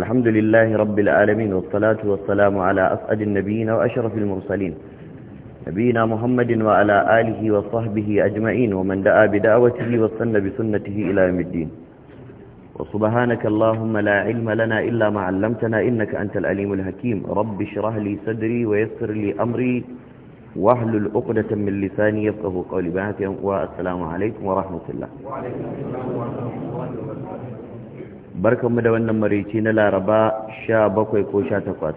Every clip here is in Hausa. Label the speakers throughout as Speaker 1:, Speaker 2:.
Speaker 1: الحمد لله رب العالمين والصلاة والسلام على أسعد النبيين وأشرف المرسلين نبينا محمد وعلى آله وصحبه أجمعين ومن دعا بدعوته واستنى بسنته إلى يوم الدين وسبحانك اللهم لا علم لنا إلا ما علمتنا إنك أنت الأليم الحكيم رب اشرح لي صدري ويسر لي أمري واهل العقدة من لساني يفقه قولي بعثي والسلام عليكم ورحمة الله
Speaker 2: وعليكم السلام ورحمة الله وبركاته
Speaker 1: barkanmu da wannan marici na laraba sha bakwai ko sha takwas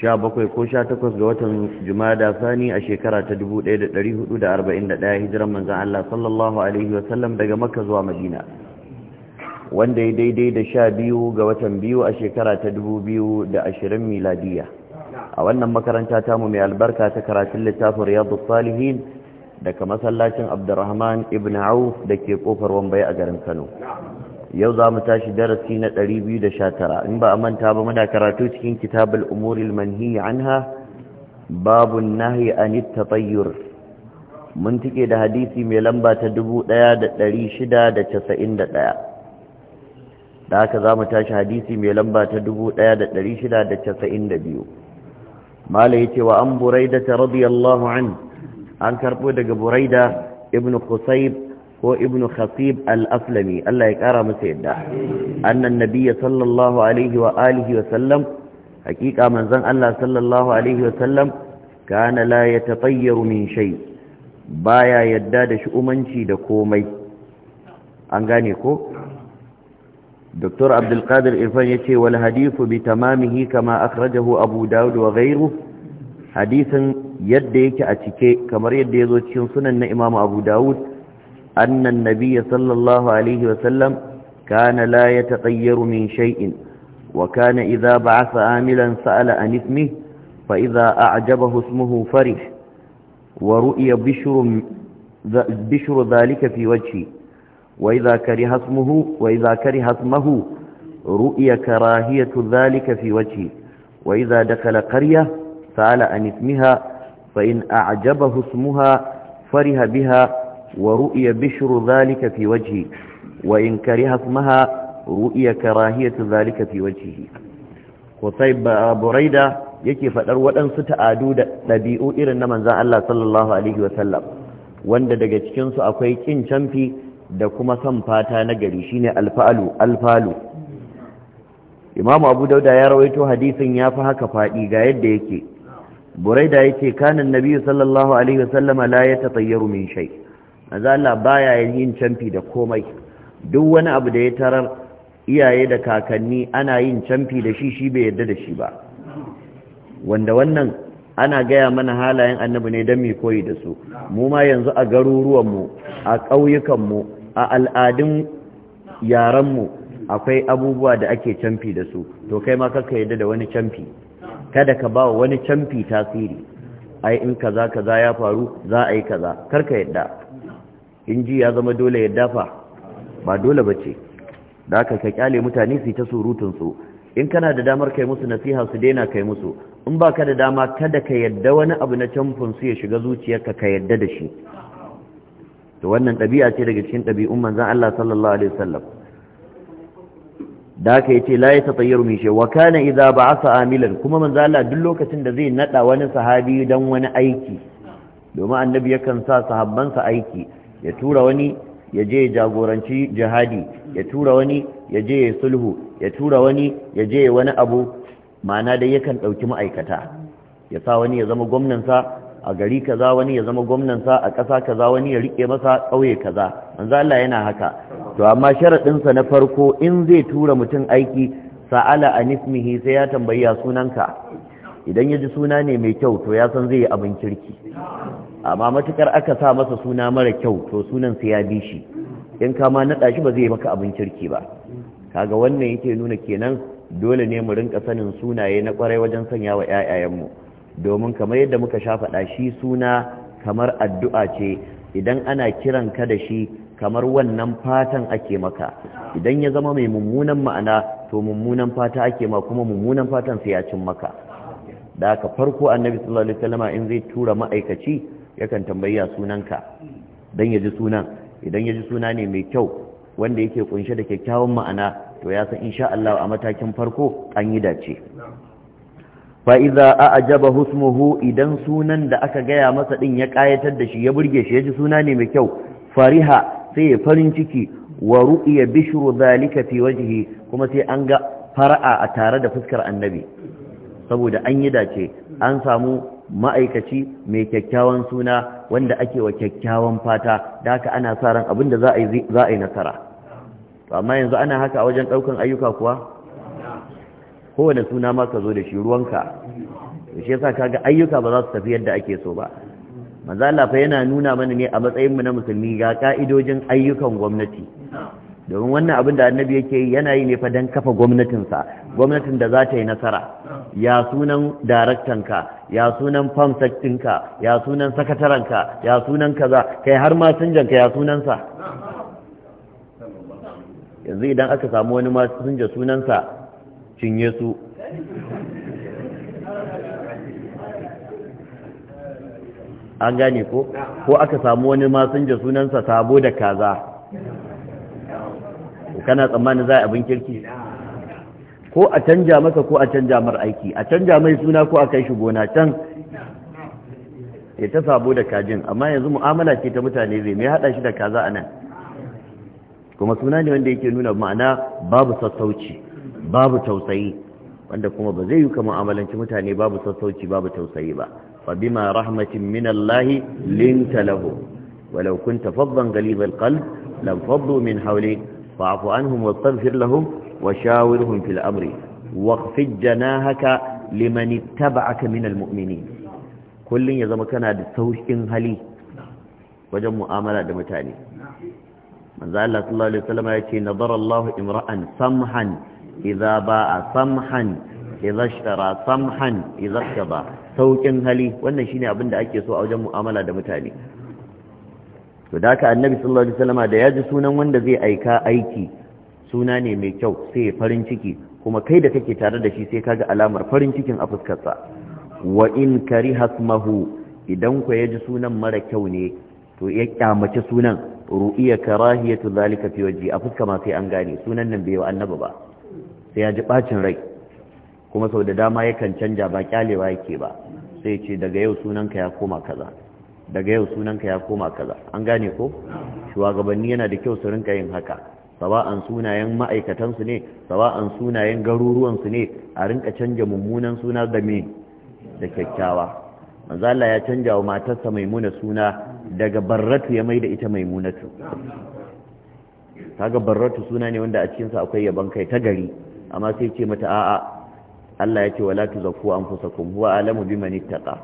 Speaker 1: sha bakwai ko sha takwas ga watan jumada sani a shekara ta dubu ɗaya da da da arba'in da ɗaya hijiran manzan Allah sallallahu Alaihi wasallam daga makka zuwa madina wanda ya daidai da sha biyu ga watan biyu a shekara ta dubu biyu da ashirin miladiya a wannan makaranta tamu mai albarka ta karatun littafin riyadu salihin daga masallacin abdurrahman ibn auf da ke kofar wambaye a garin kano yau za mu tashi darasi na 219 in ba a manta ba muna karatu cikin kitabul umuril manhi anha babun nahi anit tatayyur mun tike da hadisi mai lamba ta 1691 da haka za mu tashi hadisi mai lamba ta 1692 mala yace wa an buraidata radiyallahu an karɓo daga buraida ibn khusayb ko ibn khatib al-aslami Allah ya kara masa yadda annan nabiyya sallallahu alaihi wa alihi wa sallam hakika manzon Allah sallallahu alaihi wa sallam kana la yatatayyaru min shay baya yadda da umanci da komai an gane ko Dr. Abdul Qadir ya ce wal hadithu bi tamamihi kama akhrajahu Abu Dawud wa Gairu. hadisin yadda yake a cike kamar yadda ya zo cikin sunan na imamu abu dawud annan nabiya sallallahu alaihi wasallam kana la ya taƙayyaru min shay'in wa kana idza ba'atha amilan sa'ala an ismihi fa idza a'jabahu ismuhu farih wa ru'ya bishrun bishru dhalika fi wajhi wa idza kariha ismuhu wa idza kariha ismuhu ru'ya karahiyatu dhalika fi wajhi wa idza dakhala qaryah سأل عن اسمها فإن أعجبه اسمها فرح بها ورؤي بشر ذلك في وجهه وإن كره اسمها رؤي كراهية ذلك في وجهه وطيب بريدة yake faɗar waɗansu ta'adu da ɗabi'u irin na manza Allah sallallahu Alaihi wasallam wanda daga cikinsu akwai ƙin camfi da kuma son fata na gari shine alfalu alfalu Imam abu dauda ya rawaito hadisin ya fi haka faɗi ga yadda yake buraida yake kana annabi sallallahu alaihi wasallam la yatatayyaru min shay maza baya yin canfi da komai duk wani abu da ya tarar iyaye da kakanni ana yin canfi da shi shi bai yarda da shi ba wanda wannan ana gaya mana halayen annabi ne don mi koyi da su mu ma yanzu a garuruwanmu a ƙauyukanmu a al'adun yarenmu akwai abubuwa da ake canfi da su to kai ma kaka yadda da wani canfi kada ka ba wani camfi tasiri ai in kaza kaza ya faru za a yi kaza karka yadda in ji ya zama dole yadda fa ba dole bace da aka ka kyale mutane su ta surutun su in kana da damar kai musu nasiha su daina kai musu in ba ka da dama kada ka yadda wani abu na camfin su ya shiga zuciyarka ka yadda da shi to wannan ɗabi'a ce daga cikin ɗabi'un manzon Allah sallallahu alaihi wasallam da aka yace la yatayyaru min shay wa kana idza ba'atha amilan kuma Manzala duk lokacin da zai nada wani sahabi dan wani aiki domin annabi yakan sa sahabbansa aiki ya tura wani ya je jagoranci jihadi ya tura wani ya je ya sulhu ya tura wani ya je wani abu ma'ana dai yakan ɗauki ma'aikata ya sa wani ya zama gwamnansa a gari kaza wani ya zama gwamnansa a ƙasa kaza wani ya rike masa ƙauye kaza manzo Allah yana haka to amma sharaɗinsa na farko in zai tura mutum aiki sa'ala a nismihi sai ya tambaya sunanka idan ya ji suna ne mai kyau to ya san zai yi abin kirki amma matukar aka sa masa suna mara kyau to sunan sai ya bi shi in kama naɗa shi ba zai yi maka abin kirki ba kaga wannan yake nuna kenan dole ne mu rinka sanin sunaye na kwarai wajen sanya wa ƴaƴayenmu domin kamar yadda muka sha faɗa shi suna kamar addu'a ce idan ana kiran ka da shi kamar wannan fatan ake maka idan ya zama mai mummunan ma'ana to mummunan fata ake ma kuma mummunan fatan sai ya cin maka da aka farko annabi sallallahu alaihi wasallama in zai tura ma'aikaci yakan tambayi ya sunanka dan ya ji sunan idan ya ji suna ne mai kyau wanda yake kunshe da kyakkyawan ma'ana to ya san insha Allah a matakin farko an yi dace fa idza a'jaba husmuhu idan sunan da aka gaya masa din ya kayatar da shi ya burge shi ya ji suna ne mai kyau fariha sai ya farin ciki wa ru'iya bishru zalika fi wajhi kuma sai an ga fara'a a tare da fuskar annabi saboda an yi dace an samu ma'aikaci mai kyakkyawan suna wanda ake wa kyakkyawan fata da haka ana sa ran abin da za a yi nasara to amma yanzu ana haka a wajen ɗaukan ayyuka kuwa kowane suna ma ka zo da shi ruwanka shi yasa kaga ayyuka ba za su tafi yadda ake so ba manzo Allah fa yana nuna mana ne a matsayin mu na musulmi ga ka'idojin ayyukan gwamnati domin wannan abin da annabi yake yi yana yi ne fa dan kafa gwamnatinsa gwamnatin da za ta yi nasara ya sunan ka ya sunan farm ka ya sunan ka ya sunan kaza kai har ma ka ya sunansa yanzu idan aka samu wani ma sunja sunansa cinye su an gane ko ko aka samu wani masinja sunansa sabo da kaza kana tsammanin za a abin kirki ko a canja masa ko a canja mar aiki a canja mai suna ko a kai shi gona can ya ta sabo da kajin amma yanzu mu'amala ce ta mutane zai mai hada shi da kaza a nan kuma suna ne wanda yake nuna ma'ana babu sassauci babu tausayi wanda kuma ba zai yi kama mu'amalanci mutane babu sassauci babu tausayi ba فبما رحمة من الله لنت له ولو كنت فظا غليظ القلب لانفضوا من حولك فاعف عنهم واستغفر لهم وشاورهم في الأمر واخف جناهك لمن اتبعك من المؤمنين كل يزم كان هذا السوشين هلي وجم مؤاملة دمتاني من ذا الله صلى الله عليه وسلم يأتي نظر الله امرأ سمحا إذا باع سمحا إذا اشترى سمحا إذا اشترى saukin hali wannan shine abin da ake so a wajen mu'amala da mutane to da haka annabi sallallahu alaihi wasallama da yaji sunan wanda zai aika aiki suna ne mai kyau sai farin ciki kuma kai da kake tare da shi sai kaga alamar farin cikin a fuskarsa wa in hasmahu, idan ku ya ji sunan mara kyau ne to ya kyamace sunan ru'iya karahiyatu zalika fi waji a fuska ma sai an gane sunan nan bai wa annabi ba sai ya ji bacin rai kuma sau da dama yakan canja ba kyalewa yake ba sai ce daga yau sunanka ya koma kaza daga yau sunanka ya koma kaza an gane ko shugabanni yana da kyau su rinka yin haka sawa'an sunayen ma'aikatansu ne sawa'an sunayen garuruwansu ne a rinka canja mummunan suna da me da kyakkyawa manzo Allah ya canja wa matarsa maimuna suna daga barratu ya maida ita maimunatu kaga barratu suna ne wanda a cikin sa akwai yabon kai ta gari amma sai ce mata a'a Allah ya ce wala fusa kun huwa alamu bi mani taka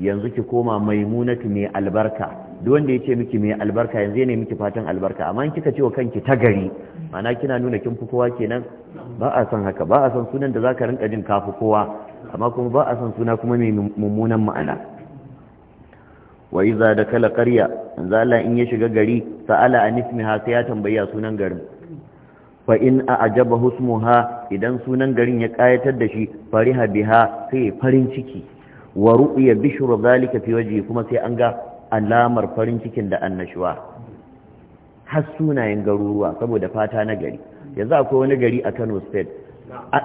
Speaker 1: yanzu ki koma maimunatu mai albarka duk wanda ce miki mai albarka yanzu ne miki fatan albarka amma in kika ce wa kanki ta gari mana kina nuna kin fi kowa kenan ba a san haka ba a san sunan da zaka rinka jin kafi kowa amma kuma ba a san suna kuma mai mummunan ma'ana wa iza dakala qarya yanzu Allah in ya shiga gari sa'ala an ismiha sai ya tambaya sunan garin fa in a a'jaba husmuha idan sunan garin ya kayatar da shi fariha biha sai farin ciki wa ru'ya bishru zalika fi wajhi kuma sai an ga alamar farin cikin da annashuwa har sunayen garuruwa saboda fata na gari yanzu akwai wani gari a Kano state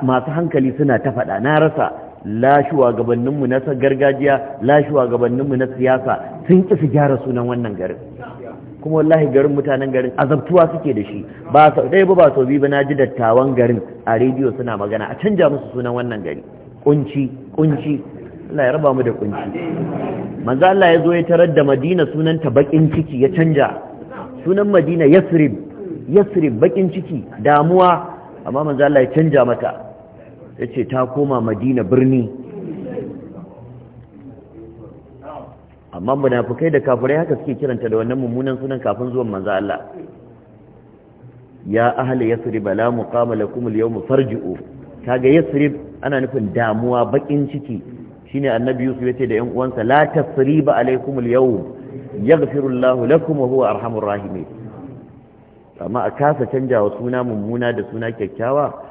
Speaker 1: masu hankali suna ta faɗa na rasa la gabanninmu na gargajiya la shugabanninmu na siyasa sun ƙi gyara sunan wannan garin kuma wallahi garin mutanen garin azabtuwa suke da shi ba sau ɗaya ba ba sau biyu ba na ji dattawan garin a rediyo suna magana a canja musu sunan wannan gari kunci kunci Allah ya raba mu da kunci manzo Allah ya zo ya tarar da Madina sunan ta bakin ciki ya canja sunan Madina Yasrib Yasrib bakin ciki damuwa amma manzo Allah ya canja mata yace ta koma Madina birni amma munafikai da kafirai haka suke kiranta da wannan mummunan sunan kafin zuwan manzo Allah ya ahli yasrib la muqama lakum al yawm farji'u kaga yasrib ana nufin damuwa bakin ciki shine annabi Yusuf yace da 'yan uwansa la tasriba alaykum al-yawm yaghfiru Allahu lakum wa huwa arhamur rahimin amma a kasa canjawa suna mummuna da suna kyakkyawa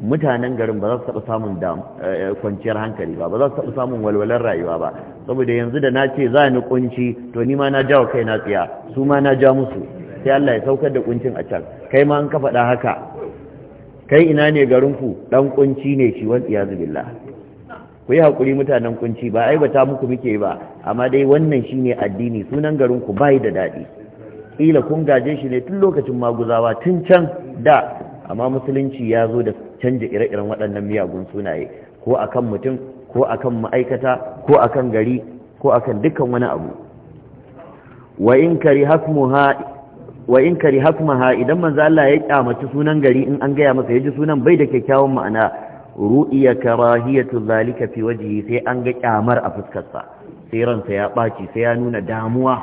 Speaker 1: mutanen garin ba za su taɓa samun eh, eh, kwanciyar hankali ba ba za su taɓa samun walwalar rayuwa ba saboda yanzu da na ce za ni kunci to ni ma na jawo kai na tsiya su ma na ja musu sai Allah ya saukar da kuncin a can kai ma an ka faɗa haka kai ina ne garinku ɗan kunci ne shi wani iyazu billah ku yi haƙuri mutanen kunci ba aibata muku muke ba amma dai wannan shine addini sunan garin ku bai da daɗi ƙila kun gaje shi ne tun lokacin maguzawa tun can da amma musulunci ya zo da canja ire-iren waɗannan miyagun sunaye ko akan mutum ko akan ma'aikata ko akan gari ko akan dukkan wani abu wa in kari ha, idan manzo Allah ya kyamaci sunan gari in an gaya masa ya ji sunan bai da kyakkyawan ma'ana ru'iya karahiyatu zalika fi wajhi sai an ga kyamar a fuskarsa sai ransa ya baci sai ya nuna damuwa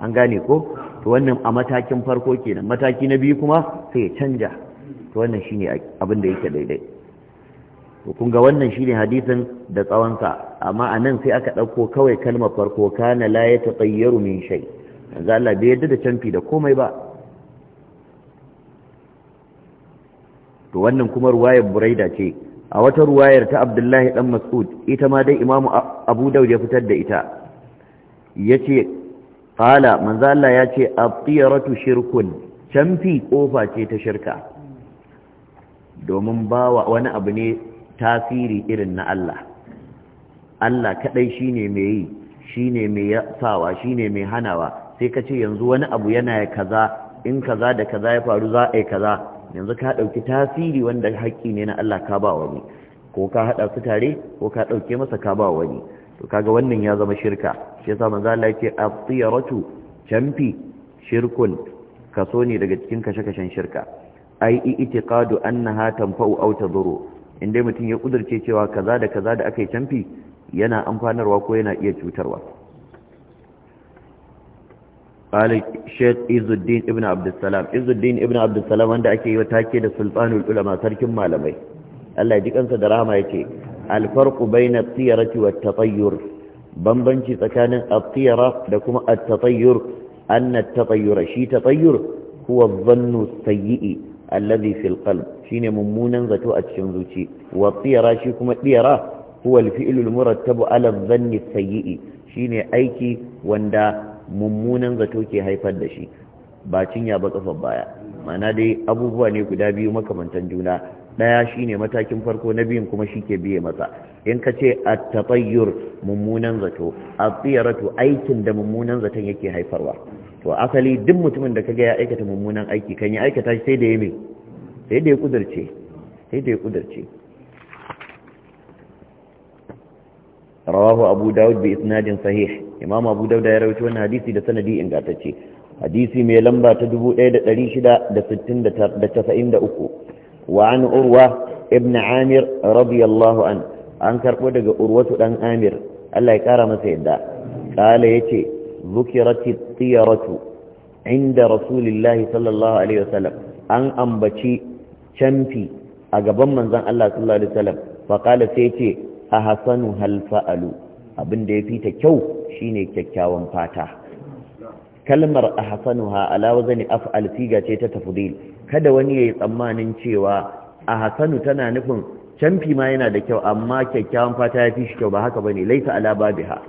Speaker 1: an gane ko to wannan a matakin farko kenan mataki na biyu kuma sai ya canja wannan shine abin da yake daidai to kun ga wannan shine hadisin da tsawonsa amma anan sai aka dauko kawai kalmar farko kana la yatayyaru min shay manzo Allah bai yadda da canfi da komai ba to wannan kuma ruwayar Buraida ce a wata ruwayar ta Abdullahi dan Mas'ud ita ma dai Imam'u Abu Dawud ya fitar da ita yace qala manzo Allah yace abtiyaratu shirkun canfi kofa ce ta shirka domin bawa wani abu ne tasiri irin na Allah Allah kadai shine mai yi shine mai yasawa shine mai hanawa sai ka ce yanzu wani abu yana kaza in kaza da kaza ya faru za a yi kaza yanzu ka dauki tasiri wanda haƙƙi ne na Allah ka ba wani ko ka hada su tare ko ka dauke masa ka ba wani to kaga wannan ya zama shirka shi yasa manzo Allah yake at-tiyaratu jamfi shirkun kaso ne daga cikin kashe-kashen shirka ai i'tiqadu annaha tanfa'u aw tadur indai mutum ya kudirce cewa kaza da kaza da akai canfi yana amfanarwa ko yana iya cutarwa قال الشيخ عز Ibn ابن عبد Ibn عز wanda ake yi wa take da sultanul ulama sarkin malamai Allah ya ji kansa da rahama yake al farqu bayna tiyarati wat bambanci tsakanin at-tiyara da kuma at-tatayyur anna at-tatayyura shi tatayyur huwa dhannu sayyi alladhi fil qalb shine mummunan zato a cikin zuci wa tiyara shi kuma tiyara huwa al-fi'lu murattabu ala dhanni sayyi shine aiki wanda mummunan zato ke haifar da shi ba cinya ba kafar baya ma'ana dai abubuwa ne guda biyu makamantan juna daya shine matakin farko na biyun kuma shi ke biye masa in ka ce at-tatayyur mummunan zato at-tiyaratu aikin da mummunan zaton yake haifarwa to asali duk mutumin da kaga ya aikata mummunan aiki kan ya aikata shi sai da ya mai sai da ya kudurce sai da ya kudurce rawahu abu daud bi isnadin sahih imam abu daud ya rawaito wannan hadisi da sanadi ingantacce hadisi mai lamba ta 1693 wa an urwa ibn amir radiyallahu an an karbo daga urwatu dan amir Allah ya kara masa yadda qala yace ذكرت الطيرة عند رسول الله صلى الله عليه وسلم أن أنبتي شمفي أقبا من زن الله صلى الله عليه وسلم فقال سيتي أحسن هل فألو أبن دي في تكو شيني ككاوان فاتح kalmar a hasanuha ala wazani af'al siga ce ta tafdil kada wani yayi tsammanin cewa a hasanu tana nufin canfi ma yana da kyau amma kyakkyawan fata ya fi shi kyau ba haka bane laisa ala babiha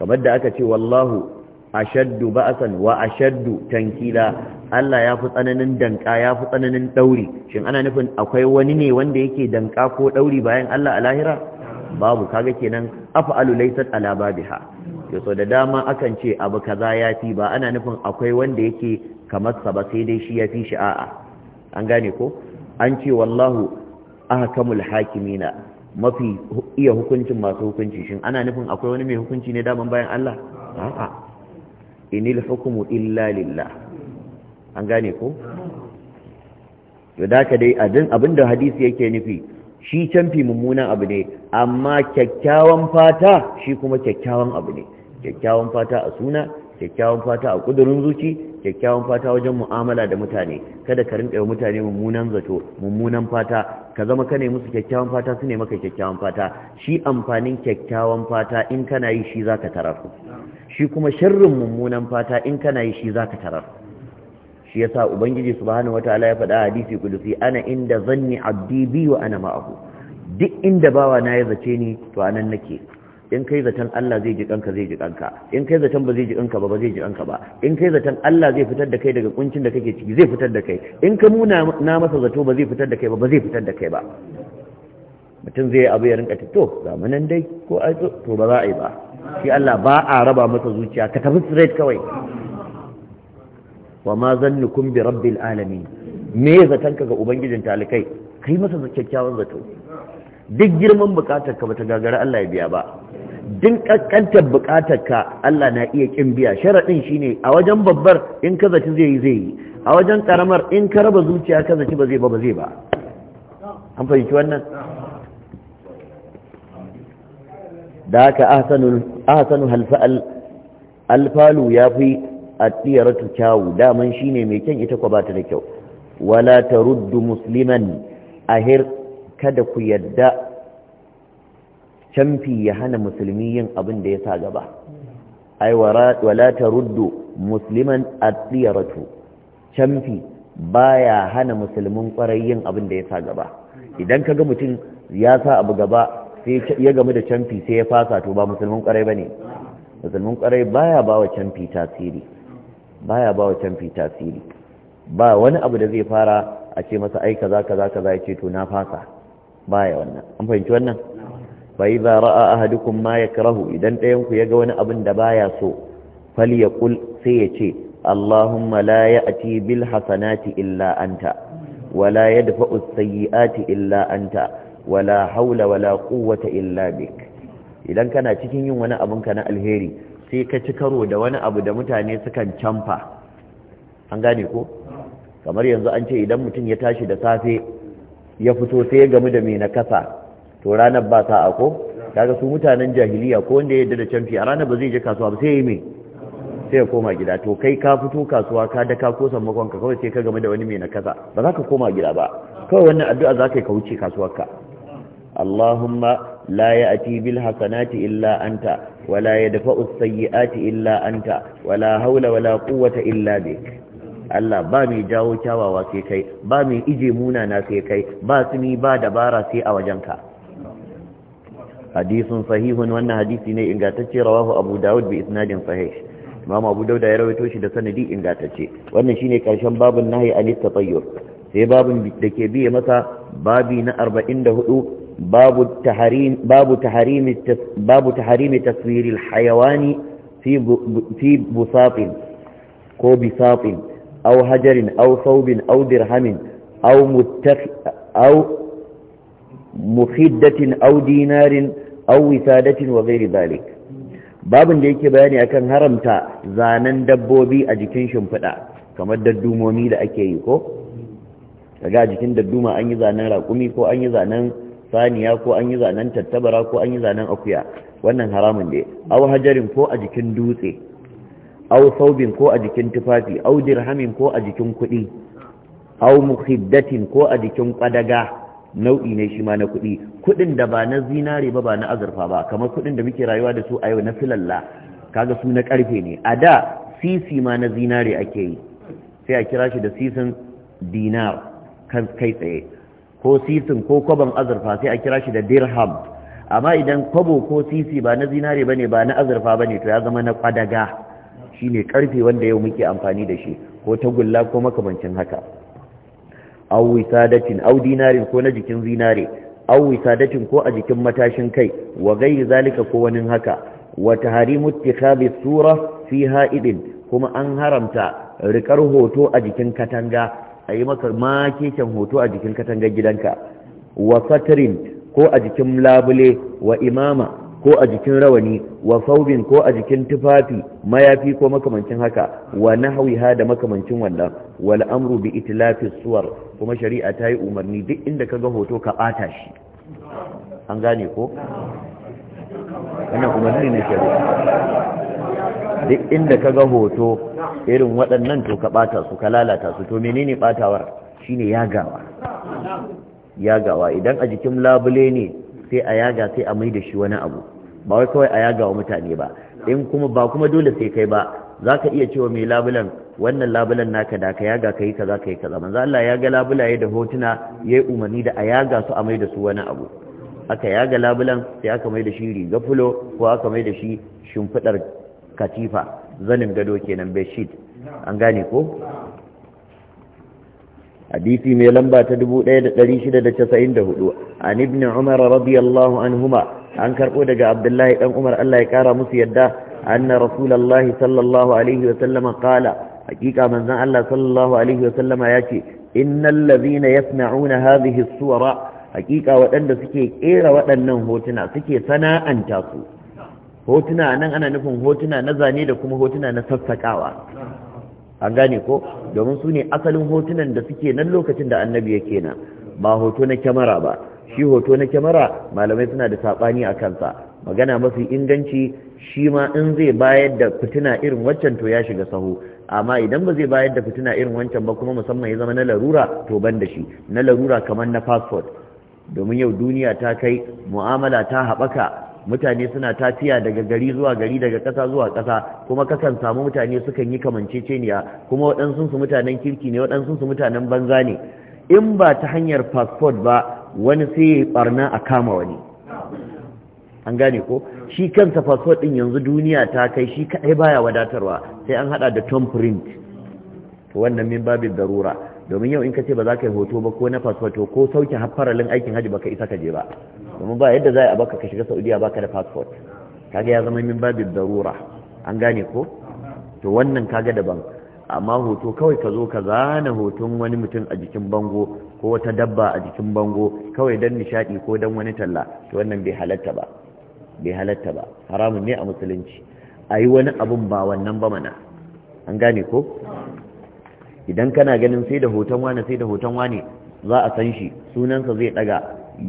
Speaker 1: kamar da aka ce wallahu ashaddu ba'san wa ashaddu tankila Allah ya fi tsananin danka ya fi tsananin ɗauri. shin ana nufin akwai wani ne wanda yake danka ko ɗauri bayan Allah a lahira babu kaga kenan af'alu laysat ala babiha so da dama akan ce abu kaza ya fi ba ana nufin akwai wanda yake kamar sa ba sai dai shi ya fi shi a'a an gane ko an ce wallahu ahkamul hakimina mafi iya hukuncin masu hukunci shin ana nufin akwai wani mai hukunci ne daban bayan Allah a'a inil hukumu illa lillah an gane ko to da ka dai adin abinda hadisi yake nufi shi canfi mummunan abu ne amma kyakkyawan fata shi kuma kyakkyawan abu ne kyakkyawan fata a suna kyakkyawan fata a kudurin zuci kyakkyawan fata wajen mu'amala da mutane kada ka wa mutane mummunan zato mummunan fata ka zama ka musu kyakkyawan fata su ne maka kyakkyawan fata shi amfanin kyakkyawan fata in kana yi shi zaka tarar shi kuma sharrin mummunan fata in kana yi shi zaka tarar shi yasa ubangiji subhanahu wataala ya faɗa hadisi kudusi ana inda zanni abdi bi wa ana ma'ahu duk inda bawa na ya zace ni to anan nake in kai zaton Allah zai ji kanka zai ji kanka in kai zaton ba zai ji kanka ba ba zai ji kanka ba in kai zaton Allah zai fitar da kai daga kuncin da kake ciki zai fitar da kai in ka muna na masa zato ba zai fitar da kai ba ba zai fitar da kai ba mutum zai abu ya rinka to zamanin dai ko ai to ba za a yi ba shi Allah ba a raba masa zuciya ka tafi straight kawai wa ma zannukum bi rabbil alamin me zaton ka ga ubangijin talikai kai masa kyakkyawan zato duk girman bukatar ka bata gagara Allah ya biya ba duk kankantar bukatar ka Allah na iya kin biya sharadin shine a wajen babbar in ka zaci zai yi a wajen karamar in ka raba zuciya ka zaci ba zai ba ba zai ba an fahimci wannan da haka ahsanu al halfa'al alfalu fi at-tiyaratu kyawu daman shine mai kyan ita kwabata da kyau wala taruddu musliman ahir kada ku yadda canfi ya hana musulmi yin abin da ya sa gaba ai wala taruddu musliman atliyaratu canfi baya hana musulmin kwarai yin abin da ya sa gaba idan kaga mutum ya sa abu gaba sai ya gamu da canfi sai ya fasa to ba musulmin kwarai bane musulmin kwarai baya bawa canfi tasiri baya canfi tasiri ba wani abu da zai fara a ce masa ai kaza kaza kaza ya ce to na fasa baya wannan an fahimci wannan fa idza ra'a ahadukum ma yakrahu idan ɗayan ku yaga wani abin da baya so falyaqul sai ya ce Allahumma la ya'ti bil hasanati illa anta wala yadfa'u sayyiati illa anta wala haula wala quwwata illa bik idan kana cikin yin wani abin ka na alheri sai ka ci karo da wani abu da mutane sukan canfa an gane ko kamar yanzu an ce idan mutum ya tashi da safe ya fito sai ya gamu da mai nakasa to ranar ba sa ako, kaga su mutanen jahiliya ko wanda ya yadda da canfi a ranar ba zai je kasuwa ba sai ya yi mai sai ya koma gida to kai ka fito kasuwa ka daka ko sammakon ka kawai sai ka game da wani mai nakasa ba za ka koma gida ba kawai wannan addu'a za ka yi wuce kasuwarka Allahumma la ya'ti bil hasanati illa anta wa la yadfa'u as-sayyi'ati illa anta wa la hawla wa la quwwata illa bik Allah ba mai jawo kyawawa sai kai ba mai ije munana sai kai ba sumi ba dabara sai a wajenka hadisun sahihun wannan hadisi ne ingantacce rawahu abu dawud bi isnadin sahih imam abu dauda ya rawaito shi da sanadi ingantacce wannan shine karshen babun nahi an tatayyur sai babun da ke biye masa babi na 44 babu taharim babu taharim babu taharim taswir hayawani fi fi ko bisafin أو هجر أو ثوب أو درهم أو, متخ أو مخدة أو دينار أو وسادة وغير ذلك da yake bayani akan haramta zanen dabbobi a jikin shimfiɗa kamar daddumomi da ake yi ko daga jikin dadduma an yi zanen raƙumi ko an yi zanen saniya ko an yi zanen tattabara ko an yi zanen akuya wannan haramun ne Auhajarin hajarin ko a jikin dutse aw saubin ko a jikin tufafi aw dirhamin ko a jikin kuɗi aw mukhiddatin ko a jikin kwadaga nau'i ne shi ma na kuɗi kuɗin da ba na zinare ba ba na azurfa ba kamar kuɗin da muke rayuwa da su a yau na filalla kaga su na ƙarfe ne a da sisi ma na zinare ake yi sai a kira shi da sisin dinar kan kai tsaye ko sisin ko kwaban azurfa sai a kira shi da dirham amma idan kwabo ko sisi ba na zinare bane ba na azurfa bane to ya zama na ƙwadaga. Shi ne karfe wanda yau muke amfani da shi ko gulla ko makamancin haka aw sadatin aw dinarin ko na jikin zinare aw sadatin ko a jikin matashin kai wa gairi zalika ko wani haka wa taharimu ittikhadhi sura fi ha'idin kuma an haramta rikar hoto a jikin katanga ayi maka makeken hoto a jikin katangar gidanka wa satrin ko a jikin labule wa imama ko a jikin rawani wa faubin ko a jikin tufafi mayafi ko makamancin haka wa nahwiha da makamancin wannan wal amru bi itlafi suwar kuma shari'a ta yi umarni duk inda kaga hoto ka bata shi an gane ko wannan umarni ne shari'a duk inda kaga hoto irin waɗannan to ka bata su ka lalata su to menene batawar shine yagawa yagawa idan a jikin labule ne sai a yaga sai a mai da shi wani abu ba wai kawai a yaga wa mutane ba in kuma ba kuma dole sai kai ba za ka iya cewa mai labulan wannan labulan naka da ka yaga ka yi kaza ka yi kaza manzo Allah ya ga labulaye da hotuna ya yi umarni da a yaga su a mai da su wani abu aka yaga labulan sai aka mai da shi riga fulo ko aka mai da shi shimfidar katifa zanin gado kenan bedsheet an gane ko hadisi mai lamba ta 1694 an anibni umar radiyallahu anhuma an karbo daga abdullahi dan umar Allah ya kara musu yadda anna rasulullahi sallallahu alaihi wa qala hakika manzon Allah sallallahu alaihi wa sallama yace innal ladhina yasna'una hadhihi as-suwara hakika waɗanda suke kera waɗannan hotuna suke sana'anta su hotuna nan ana nufin hotuna na zane da kuma hotuna na sassakawa an gane ko domin su ne asalin hotunan da suke nan lokacin da annabi yake na ba hoto na kyamara ba shi hoto na kyamara malamai suna da saɓani a kansa magana mafi inganci shi ma in zai bayar da fitina irin waccan to ya shiga sahu amma idan ba zai bayar da fitina irin wancan ba kuma musamman ya zama na larura to ban da shi na larura kamar na passport domin yau duniya ta kai mu'amala ta haɓaka mutane suna tafiya daga gari zuwa gari daga ƙasa zuwa ƙasa kuma kakan samu mutane sukan yi kamanceceniya kuma waɗansu su mutanen kirki ne waɗansu su mutanen banza ne in ba ta hanyar passport ba wani sai ya barna a kama wani an gane ko shi kansa passport din yanzu duniya ta kai shi kaɗai baya wadatarwa sai an haɗa da thumbprint to wannan min babin darura domin yau in ka ce ba za ka yi hoto ba ko na fasfoto ko sauke haffaralin aikin hajji ka isa ka je ba domin ba yadda za a baka ka shiga saudiya ba ka da fasfot kaga ya zama min babin darura an gane ko to wannan kaga daban amma hoto kawai ka zo ka zana hoton wani mutum a jikin bango ko wata dabba a jikin bango kawai dan nishadi ko don wani talla to wannan bai halatta ba bai halatta ba haramun ne a musulunci a yi wani abun ba wannan ba mana an gane ko idan kana ganin sai da hoton wani sai da hoton wani za a san shi sunansa zai daga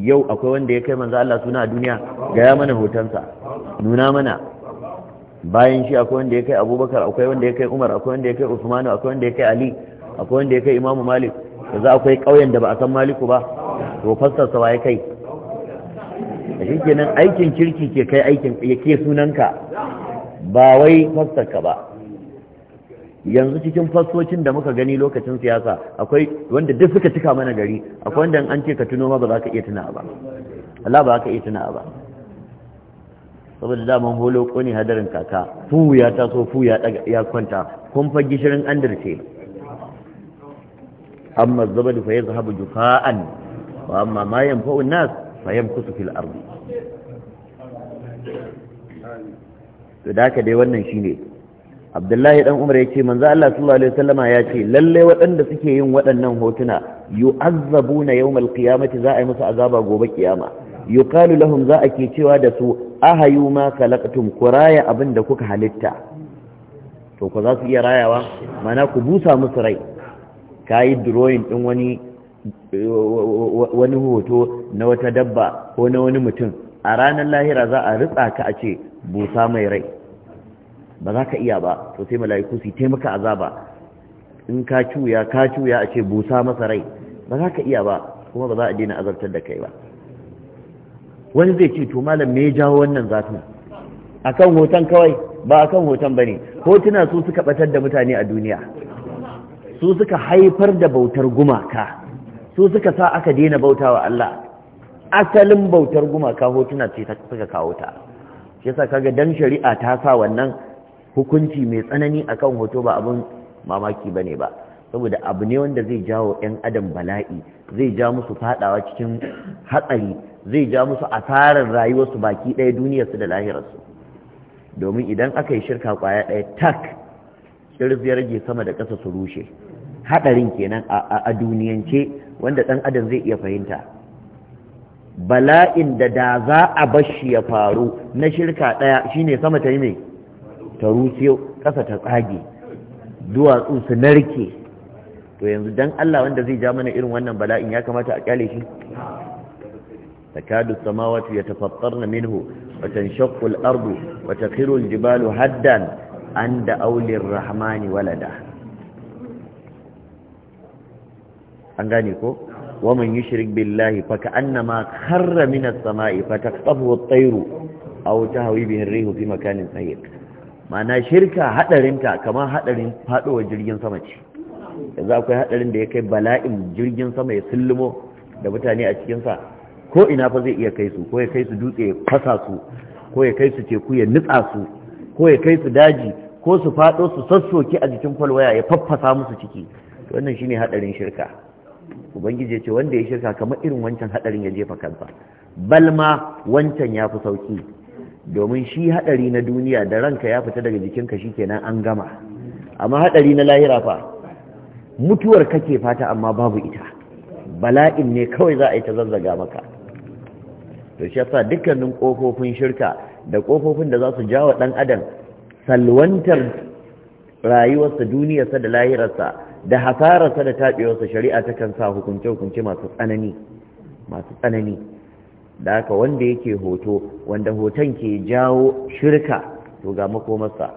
Speaker 1: yau akwai wanda ya kai manzo Allah suna a duniya gaya mana hotonsa nuna mana bayan shi akwai wanda ya kai Abubakar akwai wanda ya kai Umar akwai wanda ya kai Usman akwai wanda ya kai Ali akwai wanda ya kai Imam Malik yanzu akwai kauyen da ba a san Maliku ba to sa waye kai shi kenan aikin kirki ke kai aikin yake sunanka ba wai ka ba yanzu cikin fassocin da muka gani lokacin siyasa akwai wanda duk suka cika mana gari akwai wanda an ce ka tuno ma ba za ka iya tuna ba Allah ba za ka iya tuna ba saboda daman holo kone hadarin kaka fu ya taso fu ya ya kwanta kun fa gishirin ce. amma zabadu fa yazhabu jufa'an wa amma ma yanfa'u nas fa yamkusu fil ardi da ka dai wannan shine abdullahi dan umar ce, manzo Allah sallallahu alaihi ya ce, lalle waɗanda suke yin waɗannan hotuna yu'azzabuna yawmal qiyamati za a yi musu azaba gobe kiyama yuqalu lahum za a ke cewa da su ahayu ma khalaqtum kuraya da kuka halitta to ko za su iya rayawa mana ku busa musu rai kayi drawing din wani wani hoto na wata dabba ko na wani mutum a ranar lahira za a ritsa ka a ce busa mai rai ba za ka iya ba to sai mala'iku su taimaka azaba in ka cuya ka cuya a ce busa masa rai ba za ka iya ba kuma ba za a daina azartar da kai ba wani zai ce to malam me ya jawo wannan zafin akan hoton kawai ba akan hoton bane hotuna su suka batar da mutane a duniya su suka haifar da bautar gumaka su suka sa aka daina bautawa Allah asalin bautar gumaka hotuna ce suka kawo ta shi yasa kaga dan shari'a ta sa wannan hukunci mai tsanani a kan hoto ba abin mamaki ba ne ba saboda abu ne wanda zai jawo 'yan adam bala'i zai ja musu fadawa cikin hatsari zai ja musu asarar rayuwarsu baki ɗaya duniyarsu da lahirarsu domin idan aka yi shirka kwaya ɗaya tak ƙirzi ya rage sama da ƙasa su rushe haɗarin kenan a duniyance wanda ɗan adam zai iya fahimta bala'in da da za a bashi ya faru na shirka ɗaya shine sama ta yi mai ta rushe ƙasa ta tsage duwatsu su narke to yanzu dan Allah wanda zai ja mana irin wannan bala'in ya kamata a kyale shi takadu samawati yatafattarna minhu wa tanshaqqu al-ardu wa takhiru al-jibalu haddan an da'u lir-rahmani walada an gane ko wa man yushrik billahi fa ka'annama kharra minas samai fa taqtahu at-tayru aw tahwi bihi ar-rihu fi makanin sayyid ma'ana shirka ta kamar hadarin faɗowar jirgin sama ce yanzu akwai hadarin da ya kai bala'in jirgin sama ya sullumo da mutane a cikinsa ko ina fa zai iya kai su ko ya kai su dutse ya fasa su ko ya kai su teku ya nitsa su ko ya kai su daji ko su faɗo su sassoke a jikin falwaya ya faffasa musu ciki wannan shine hadarin shirka ubangiji ya ce wanda ya shirka kamar irin wancan hadarin ya jefa kansa balma wancan ya fi sauki domin shi hadari na duniya da ranka ya fita daga jikinka kenan an gama amma hadari na lahira fa mutuwar kake fata amma babu ita bala'in ne kawai za a yi ta zazzaga maka to shi yasa dukkanin kofofin shirka da kofofin da za su jawo dan adam salwantar rayuwarsa duniyarsa da lahirarsa da hasararsa da taɓewarsa shari'a ta kan sa hukunce-hukunce masu tsanani masu tsanani da haka wanda yake hoto wanda hoton ke jawo shirka to ga makomarsa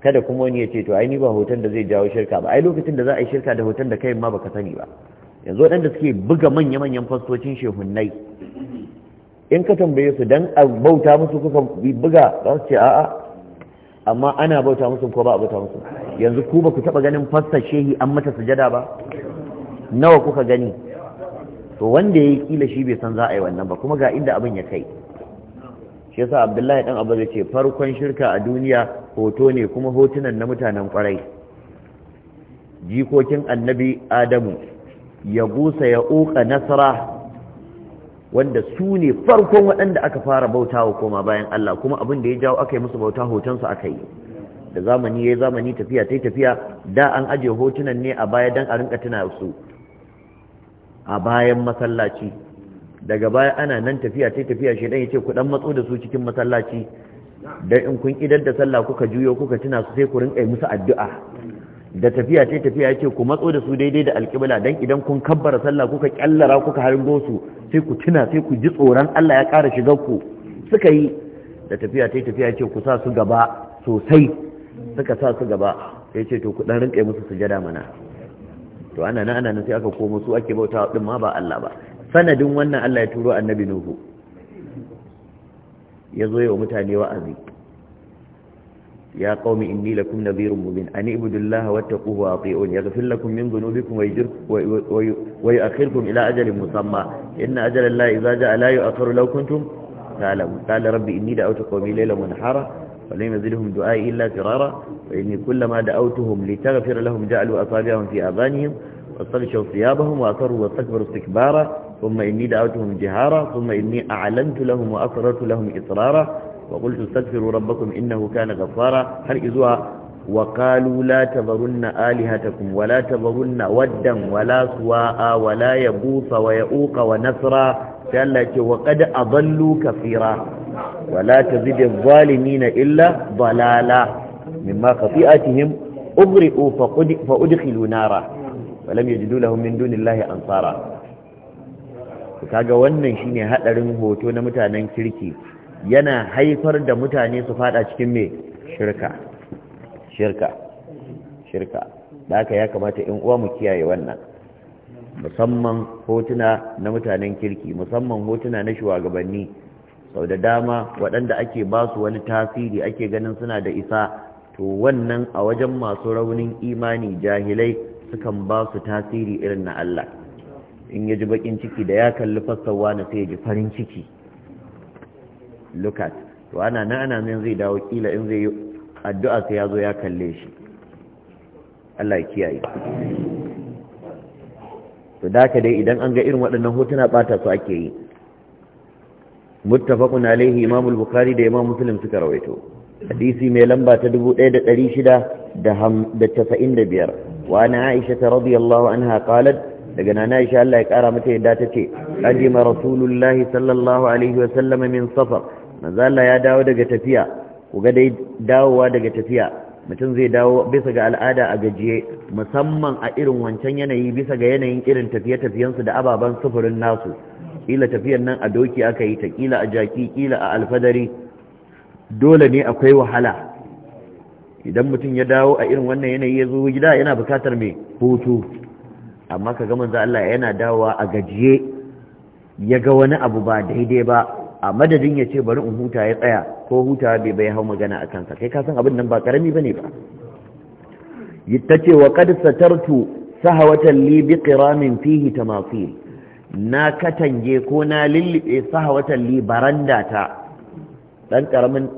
Speaker 1: kada kuma wani ya ce to ai ni ba hoton da zai jawo shirka ba ai lokacin da za a yi shirka da hoton da kai ma baka sani ba yanzu waɗanda suke buga manya-manyan fastocin shehunnai in ka tambaye su dan a bauta musu kuka buga za su ce a'a amma ana bauta musu ko ba a bauta musu yanzu ku ba ku taɓa ganin fasta shehi an mata sujada ba nawa kuka gani to wanda ya yi kila shi bai san za a yi wannan ba kuma ga inda abin ya kai shi yasa abdullahi dan abu ce farkon shirka a duniya hoto ne kuma hotunan na mutanen kwarai jikokin annabi adamu ya gusa ya uka nasara wanda su ne farkon waɗanda aka fara bauta wa koma bayan Allah kuma abin da ya jawo aka yi musu bauta hotonsu aka yi da zamani ya zamani tafiya ta tafiya da an ajiye hotunan ne a baya don a rinka tuna su a bayan masallaci daga baya ana nan tafiya ce tafiya dan yace ku dan matso da su cikin masallaci dan in kun idar da sallah kuka juyo kuka tuna su sai ku rinka yi musu addu'a da tafiya ce tafiya yace ku matso da su daidai da alƙibla dan idan kun kabbara sallah kuka kyallara kuka harbo su sai ku tuna sai ku ji tsoron Allah ya ƙara shigar ku suka yi da tafiya ta tafiya yace ku sa su gaba sosai suka sa su gaba yace to ku dan rinka musu sujada mana to ana nan ana nan sai aka komo su ake bauta din ma ba Allah ba sanadin wannan Allah ya turo annabi nuhu ya zo yawa mutane wa'azi ya qaumi inni lakum nadhirun mubin an ibudullaha wattaquhu wa ati'un yaghfir lakum min dhunubikum wa yu'akhirkum ila ajalin musamma inna ajala allahi idza ja'a la yu'akhiru law kuntum ta'lamun qala rabbi inni da'awtu qaumi laylan wa nahara ولم يزلهم دعائي إلا فرارا فإني كلما دعوتهم لتغفر لهم جعلوا أصابعهم في آذانهم واستغشوا ثيابهم وأصروا واستكبروا استكبارا ثم إني دعوتهم جهارا ثم إني أعلنت لهم وأصررت لهم إصرارا وقلت استغفروا ربكم إنه كان غفارا هل إذوا وقالوا لا تذرن آلهتكم ولا تذرن ودا ولا سواء ولا يبوث ويؤوق ونسرا قال لك وقد أضلوا كثيرا ولا تزد الظالمين إلا ضلالا مما خطيئتهم أغرئوا فأدخلوا نارا ولم يجدوا لهم من دون الله أنصارا kaga wannan shine hadarin hoto na mutanen kirki yana haifar da mutane su fada cikin me shirka shirka shirka da ya kamata in uwa mu kiyaye wannan musamman hotuna na mutanen kirki musamman hotuna na shugabanni sau da dama waɗanda ake ba su wani tasiri ake ganin suna da isa to wannan a wajen masu raunin imani jahilai sukan ba su tasiri irin na Allah in ya ji bakin ciki da ya kalli fassawa na sai ya ji farin ciki lukat to ana na ana min zai dawo kila in zai addu'a sai ya zo ya kalle shi Allah ya kiyaye to da ka dai idan an ga irin waɗannan hotuna bata su ake yi muttafaqun alaihi imam al-bukhari da imam muslim suka rawaito hadisi mai lamba ta 1695 wa ana aisha radiyallahu anha qalat daga nana aisha Allah ya kara mata yadda tace qadima rasulullahi sallallahu alaihi wa sallam min safar Manzala ya dawo daga tafiya ga dai dawowa daga tafiya mutum zai dawo bisa ga al'ada a gajiye musamman a irin wancan yanayi bisa ga yanayin irin tafiye-tafiyensu da ababen sufurin nasu kila tafiyar nan a doki aka yi ta kila a jaki kila a alfadari dole ne akwai wahala idan mutum ya dawo a irin wannan yanayi ya zo gida yana bukatar mai hutu amma ka gama za Allah yana dawowa a gajiye ya ga wani abu ba daidai ba a madadin ya ce bari in huta ya tsaya ko huta bai bai hau magana a kansa kai ka san abin nan ba karami bane ba yitta ce wa qad satartu sahwatan li biqiramin fihi tamasil na katange ko na lullube sahawatan li baranda ta dan karamin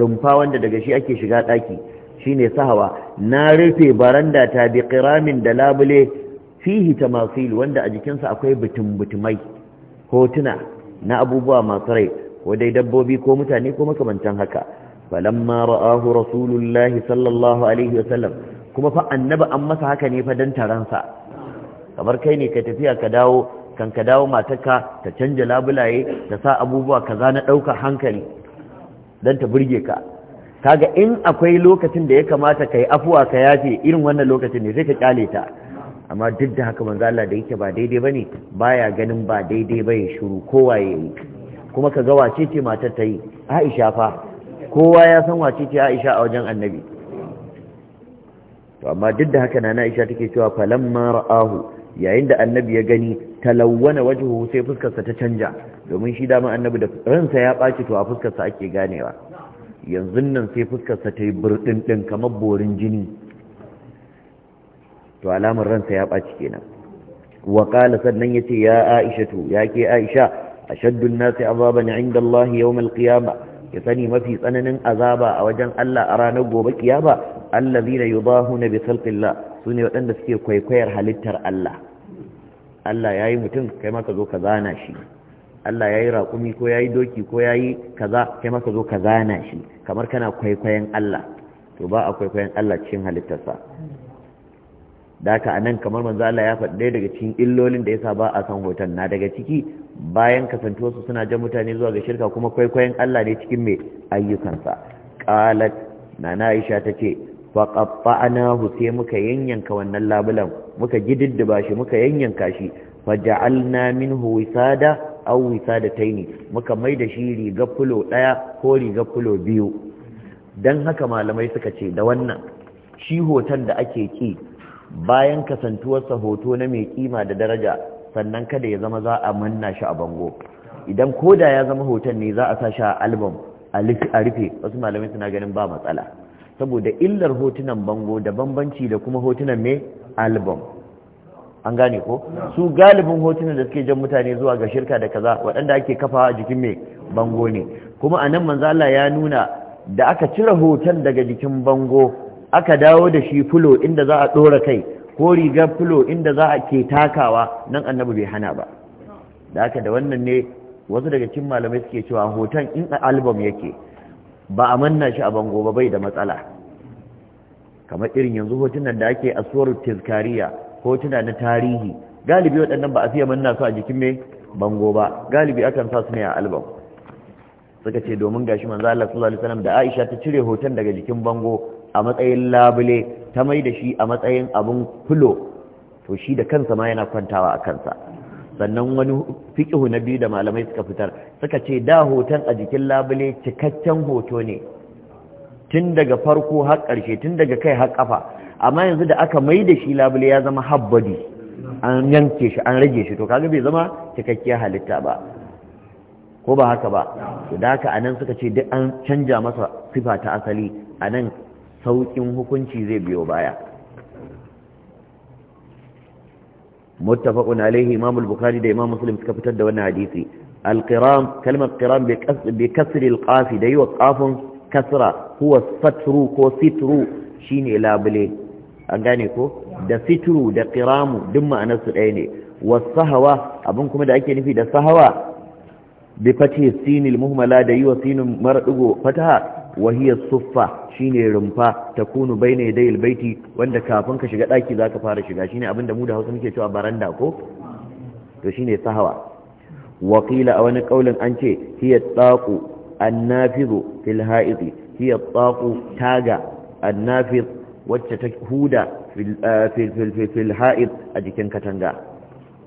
Speaker 1: rumfa wanda daga shi ake shiga daki shine sahawa na rufe baranda ta bi qiramin da labule fihi tamasil wanda a jikinsa akwai butun butumai hotuna na abubuwa masu rai ko dai dabbobi ko mutane ko makamantan haka falamma ra'ahu rasulullahi sallallahu alaihi wasallam kuma fa annaba an masa haka ne fa dan taransa kamar kai ne ka tafiya ka dawo kan ka dawo matarka ta canja labulaye ta sa abubuwa kaza na ɗaukar hankali don ta burge ka kaga in akwai lokacin da ya kamata ka yi afuwa ka yafe irin wannan lokacin ne sai ka kyale ta amma duk da haka manzo Allah da yake ba daidai bane baya ganin ba daidai bane shiru kowa yayi kuma ka ga wace ce matar ta yi Aisha fa kowa ya san wace ce Aisha a wajen Annabi to amma duk da haka nana Aisha take cewa falamma ra'ahu yayin da Annabi ya gani talawwana wajhu sai fuskarsa ta canja domin shi dama annabi da ransa ya baci to a fuskarsa ake ganewa yanzu nan sai fuskarsa ta yi burdin din kamar borin jini to alamar ransa ya baci kenan wa qala sannan yace ya tu, yake aisha ashaddu an-nasi azaban 'inda Allah yawm al-qiyamah ya sani mafi tsananin azaba a wajen Allah a ranar gobe kiyama allazina yudahuna bi khalqillah sune waɗanda suke kwaikwayar halittar Allah Allah ya yi mutum kai maka zo ka zana shi Allah ya yi raƙumi ko ya yi doki ko ya yi kaza kai maka zo ka zana shi kamar kana kwaikwayon Allah to ba a kwaikwayon Allah cikin halittarsa da ka anan kamar manzo Allah ya faɗi daga cikin illolin da yasa ba a san hoton na daga ciki bayan kasantuwarsu suna jan mutane zuwa ga shirka kuma kwaikwayon Allah ne cikin mai ayyukansa qalat nana Aisha tace faqatta'nahu sai muka yanyanka wannan labulan muka gididdiba shi muka yanyanka shi faja'alna minhu wisada aw wisadataini muka maida shi riga fulo daya ko riga fulo biyu dan haka malamai suka ce da wannan shi hoton da ake ki bayan kasantuwarsa hoto na mai kima da daraja sannan kada ya zama za a manna shi a bango idan koda ya zama hoton ne za a sa shi a album a rufe wasu malamai suna ganin ba matsala saboda illar hotunan bango da bambanci da kuma hotunan mai album an gane ko su galibin hotunan da suke jan mutane zuwa ga shirka da kaza waɗanda ake kafawa a jikin mai bango ne kuma a nan Manzala ya nuna da aka cire hoton daga jikin bango aka dawo da shi fulo inda za a ɗora kai ko rigar fulo inda za a ke takawa nan annabi bai hana ba da aka da wannan ne wasu daga cikin malamai suke cewa hoton in album yake ba a manna shi a bango ba bai da matsala kamar irin yanzu hotunan da ake a suwar hotuna na tarihi galibi waɗannan ba a fiye manna su a jikin mai bango ba galibi akan sa su ne a albam suka ce domin gashi manzo Allah sallallahu alaihi wasallam da Aisha ta cire hoton daga jikin bango a matsayin labule ta mai da shi a matsayin abun fulo to shi da kansa ma yana kwantawa a kansa sannan wani fiƙihu na biyu da malamai suka fitar suka ce da hoton a jikin labule cikakken hoto ne tun daga farko har ƙarshe tun daga kai har ƙafa amma yanzu da aka mai da shi labule ya zama habbadi an yanke shi an rage shi to kaga bai zama cikakkiyar halitta ba ko ba haka ba to da haka anan suka ce duk an canja masa sifa ta asali anan saukin hukunci zai biyo baya muttafaqun alaihi imam al-bukhari da imam muslim suka fitar da wannan hadisi al-qiram kalmar qiram bi kasr bi kasr da yawa qafun kasra huwa satru ko sitru shine labule da sitru da qiramu duk ma'anar su ɗaya ne wasahawa abin kuma da ake nufi da sahawa bi fathi sin al-muhmala da yawa sin mardugo fataha wahiyar suffa shine rumfa ta kunu bayna yaday albayti wanda kafin ka shiga daki zaka fara shiga shine abinda mu da Hausa muke a baranda ko to shine sahawa wa a wani kaulin an ce hiya taqu annafidu fil ha'idi hiya taqu taga annafid wacce ta huda fil ha'id a jikin katanga